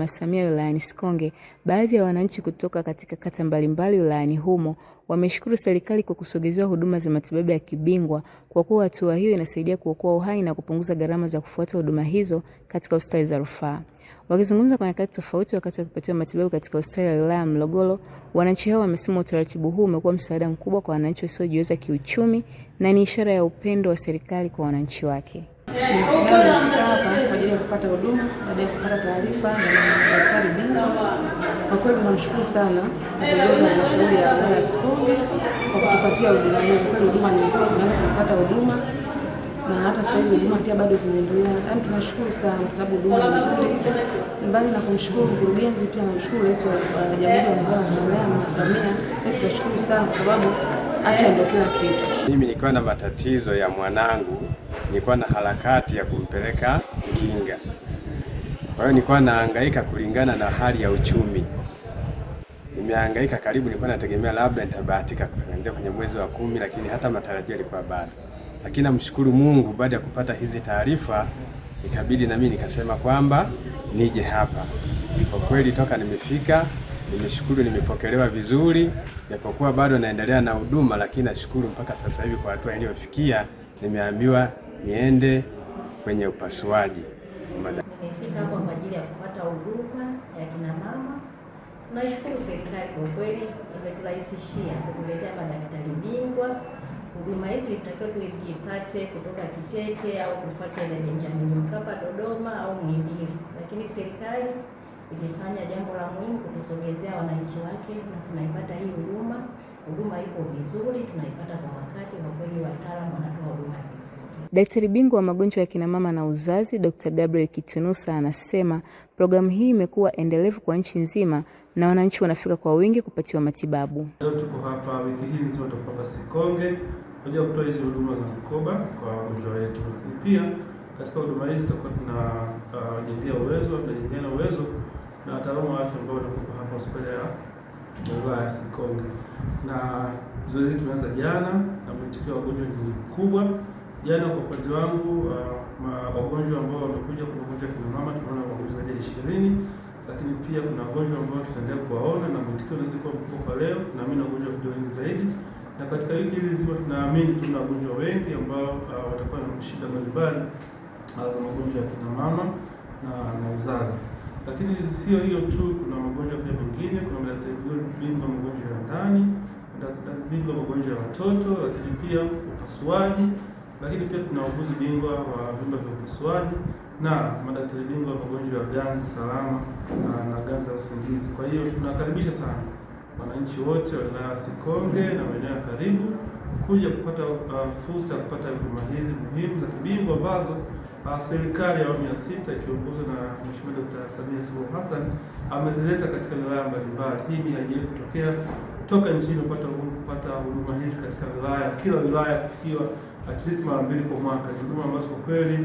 Mama Samia wilayani Sikonge, baadhi ya wananchi kutoka katika kata mbalimbali wilayani humo wameshukuru serikali kwa kusogezewa huduma za matibabu ya kibingwa kwa kuwa hatua hiyo inasaidia kuokoa uhai na kupunguza gharama za kufuata huduma hizo katika hospitali za rufaa. Wakizungumza kwa nyakati tofauti wakati wakipatiwa matibabu katika hospitali ya wilaya ya Morogoro, wananchi hao wamesema utaratibu huu umekuwa msaada mkubwa kwa wananchi wasiojiweza kiuchumi na ni ishara ya upendo wa serikali kwa wananchi wake hapa kwa ajili ya kupata huduma baada ya kupata taarifa na daktari bingwa. Kwa kweli tunamshukuru sana mkurugenzi wa halmashauri ya wilaya ya Sikonge kwa kutupatia huduma hii. Kwa kweli huduma ni nzuri, kupata huduma na hata sasa hivi huduma pia bado zinaendelea. Yaani tunashukuru sana kwa sababu huduma ni nzuri. Mbali na kumshukuru mkurugenzi, pia namshukuru Rais wa Jamhuri ya Muungano wa Tanzania Mama Samia. Tunashukuru sana kwa sababu afya ndio kila kitu. Mimi nikiwa na matatizo ya mwanangu nilikuwa na harakati ya kumpeleka kinga. Kwa hiyo nilikuwa naangaika kulingana na hali ya uchumi, nimehangaika karibu, nilikuwa nategemea labda nitabahatika kuanzia kwenye mwezi wa kumi, lakini hata matarajio yalikuwa bado. Lakini namshukuru Mungu, baada ya kupata hizi taarifa ikabidi na mimi nikasema kwamba nije hapa. Kwa kweli toka nimefika nimeshukuru, nimepokelewa vizuri, japokuwa bado naendelea na huduma, lakini nashukuru mpaka sasa hivi kwa hatua iliyofikia, nimeambiwa niende kwenye upasuaji. Nimefika hapa kwa ajili ya kupata huduma ya kina mama. serikali kwa kweli, imeturahisishia kutuletea madaktari bingwa. Huduma hizi tutakiwa tuipate kutoka Kitete au kufuata ile Benjamin Mkapa Dodoma au Muhimbili, lakini serikali ilifanya jambo la muhimu kutusogezea wananchi wake na tunaipata hii huduma. Huduma iko vizuri, tunaipata kwa wakati. Kwa kweli wataalamu wanatoa huduma vizuri. Daktari bingwa wa magonjwa ya kinamama na uzazi Dr. Gabriel Kitunusa anasema programu hii imekuwa endelevu kwa nchi nzima na wananchi wanafika kwa wingi kupatiwa matibabu. Leo tuko hapa wiki hii nzima tutapata Sikonge kuja kutoa hizi huduma za mkoba kwa wagonjwa wetu. Pia katika huduma hizi tutakuwa tunajengea uh, uwezo tunajengeana uwezo na wataalamu wa afya ambao watakuwa hapa hospitali ya wilaya ya Sikonge, na zoezi tumeanza jana na mwitikio wa wagonjwa ni mkubwa. Jana kwa upande wangu uh, wagonjwa uh, ambao wamekuja kwa kina mama tunaona wagonjwa zaidi ya ishirini, lakini pia kuna wagonjwa ambao tutaendelea kuwaona na mwitikio unazidi kuwa mkubwa kwa leo. Tunaamini wagonjwa watakuja wengi zaidi, na katika wiki hizi zipo, tunaamini tuna wagonjwa wengi ambao uh, watakuwa na shida mbalimbali uh, za magonjwa ya kina mama na, na uzazi. Lakini sio hiyo tu, kuna magonjwa pia mengine, kuna madaktari bingwa magonjwa ya ndani, madaktari bingwa magonjwa ya watoto, lakini pia upasuaji lakini pia kuna wauguzi bingwa wa vyumba vya upasuaji na madaktari bingwa wa magonjwa ya ganzi salama na ganzi za usingizi. Kwa hiyo tunakaribisha sana wananchi wote wa wilaya ya Sikonge na maeneo ya karibu kuja kupata uh, fursa ya kupata huduma hizi muhimu za kibingwa ambazo uh, serikali ya awamu ya sita ikiongozwa na Mheshimiwa Dkt. Samia Suluhu Hassan amezileta katika wilaya mbalimbali. Hii ni haijawahi kutokea toka nchini kupata huduma hizi katika wilaya, kila wilaya kufikiwa at least mara mbili kwa mwaka. Ni huduma ambazo kwa kweli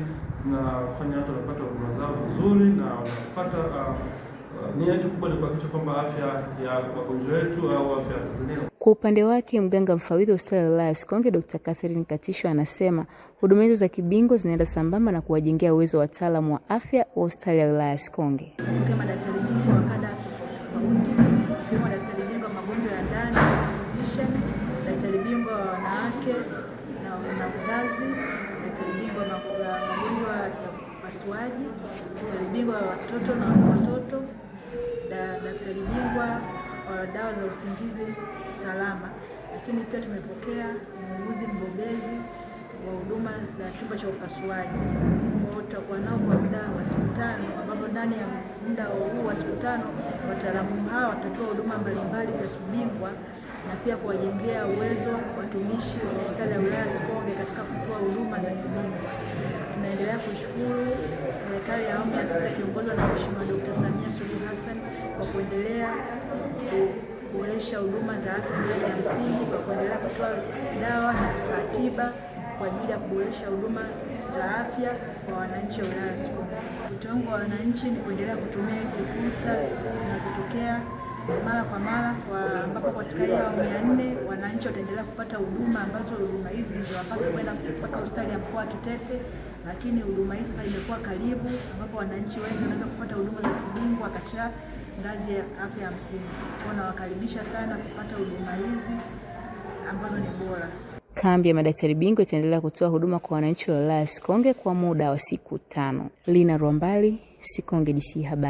zinafanya watu wanapata huduma zao vizuri na wanapata uh, uh, nia yetu kubwa ni kuhakikisha kwamba afya ya wagonjwa wetu au afya ya Tanzania. Kwa upande wake mganga mfawidhi wa hospitali ya wilaya ya Sikonge Dr. Catherine Katisho anasema huduma hizo za kibingwa zinaenda sambamba na kuwajengea uwezo wa wataalamu wa afya wa hospitali ya wilaya ya Sikonge. wazazi, daktari bingwa magonjwa ya upasuaji, daktari bingwa wa watoto na watoto, daktari bingwa wa dawa za usingizi salama. Lakini pia tumepokea muuguzi mbobezi wa huduma za chumba cha upasuaji kwao, tutakuwa nao kwa muda wa siku tano, ambapo ndani ya muda huu wa siku tano wataalamu hawa watatoa huduma mbalimbali za kibingwa na pia kuwajengea uwezo watumishi wa hospitali ya wilaya Sikonge katika kutoa huduma za kibingwa. Tunaendelea kuishukuru serikali ya awamu ya sita ikiongozwa na Mheshimiwa Dkt. Samia Suluhu Hassan kwa kuendelea kuboresha huduma za afya ngazi ya msingi kwa kuendelea kutoa dawa na vifaa tiba kwa ajili ya kuboresha huduma za afya kwa wananchi wa wilaya ya Sikonge. Wito wangu wa wananchi ni kuendelea kutumia hizi fursa zinazotokea mara kwa mara, ambapo katika hii awamu ya nne wananchi wataendelea kupata huduma ambazo huduma hizi ziliwapasa kwenda mpaka hospitali ya mkoa wa Kitete, lakini huduma hizo sasa imekuwa karibu, ambapo wananchi wengi wanaweza kupata huduma za kibingwa katika ngazi ya afya ya msingi. Kwa nawakaribisha sana kupata huduma hizi ambazo ni bora. Kambi ya madaktari bingwa itaendelea kutoa huduma kwa wananchi wa wilaya Sikonge kwa muda wa siku tano. Lina Rwambali, Sikonge DC Habari.